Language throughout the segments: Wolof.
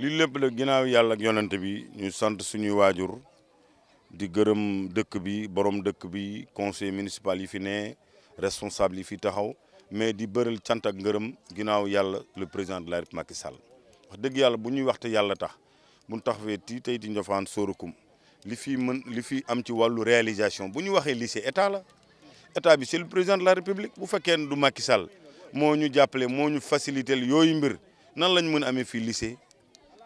li lépp la ginnaaw yàlla ak yonent bi ñu sant suñuy waajur di gërëm dëkk bi boroom dëkk bi conseil municipal yi fi ne responsable yi fi taxaw mais di bëral cant ak ngërëm ginnaaw yàlla le président de la République Macky dëgg yàlla bu ñuy waxte yàlla tax bu ñu taxawee ti tey di Ndiofane Sorokoum li fi mën li fi am ci wàllu réalisation bu ñu waxee lycée état la état bi c'est le président de la république bu fekkee ne du Macky Sall moo ñu jàppale moo ñu facilité yooyu mbir nan lañ mën a amee fii lycée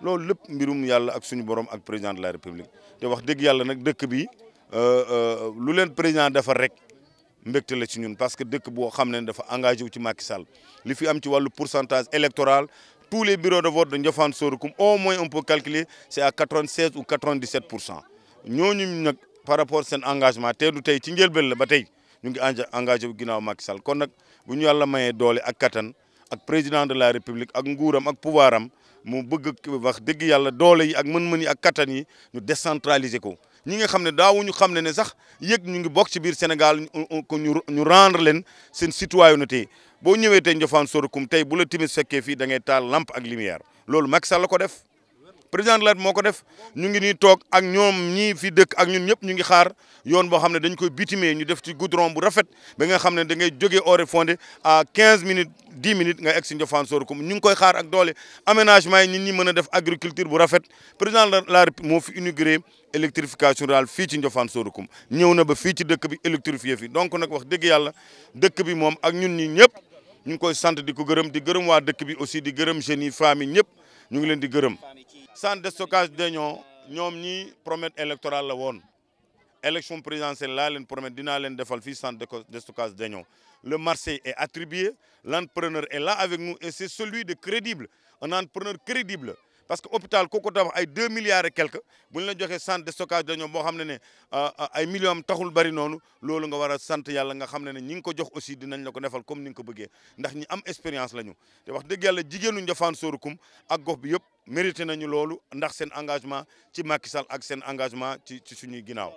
loolu lépp mbirum yàlla ak suñu borom ak président de la république te wax dëgg yàlla nag dëkk bi euh, euh, lu leen président defar rek mbégte la ci ñun parce que dëkk boo xam ne dafa engagé wu ci Macky Sall li fi am ci wàllu pourcentage électoral tous les bureaux de vote de Ndiaffane Sorokoum au moins on peut calculer c'est à 96 pour cent ñooñu nag par rapport seen engagement te tey ci njëlbeen la ba tey ñu ngi engagé bu ginnaaw Macky Sall kon nag bu ñu yàlla mayee doole ak kattan ak président de la république ak nguuram ak pouvoir mu bëgg wax dëgg yàlla doole yi ak mën-mën yi ak kattan yi ñu décentraliser ko ñi nga xam ne ñu xam ne ne sax yëg ñu ngi bokk ci biir Sénégal ko ñu rendre leen seen citoyenneté boo ñëwee tey Ndiofane Soro Coum tey bu la timis fekkee fii da ngay taal lampe ak lumière loolu Macky Sall la ko def président de la moo ko def ñu ngi ni toog ak ñoom ñii fi dëkk ak ñun ñëpp ñu ngi xaar yoon boo xam ne dañu koy bitime ñu def ci goudron bu rafet ba nga xam ne da ngay jógee Oré Fondé à 15 minutes 10 minutes nga egg si Ndiofane Sorgho ñu ngi koy xaar ak doole aménagement yi nit ñi mën a def agriculture bu rafet président de la moo fi inauguré électrification rurale fii ci Ndiofane Sorgho ñëw na ba fii ci dëkk bi électrifié fi donc nag wax dëgg yàlla dëkk bi moom ak ñun ñi ñëpp ñu ngi koy sant di ko gërëm di gërëm waa dëkk bi aussi di gërëm jeunes yi ñëpp ñu ngi leen di gërëm centre de stockage d'oignons ñoom ñi promesse électorale la woon élection présidentielle laa leen promesse dinaa leen defal fii centre de stockage d'oignons le marché est attribué l'entrepreneur est la avec nous et c'est celui de crédible un entrepreneur crédible parce que hôpital kooku tabax ay deux milliards et quelque bu ñu la joxee centre de stockage d'oignons xam ne ne euh, euh, ay millions am taxul bari noonu loolu nga war a sant yàlla nga xam ne ne ñi ngi ko jox aussi dinañ la ko defal comme ni nga ko bëggee ndax ñi am expérience la ñu wax dëgg yàlla jigéenu Ndiaffane Sorokoum ak gox yëpp mérité nañu loolu ndax seen engagement ci Macky ak seen engagement ci ci suñuy ginnaaw.